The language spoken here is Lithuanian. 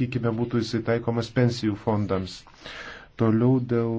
sakykime, būtų jisai taikomas pensijų fondams. Toliau dėl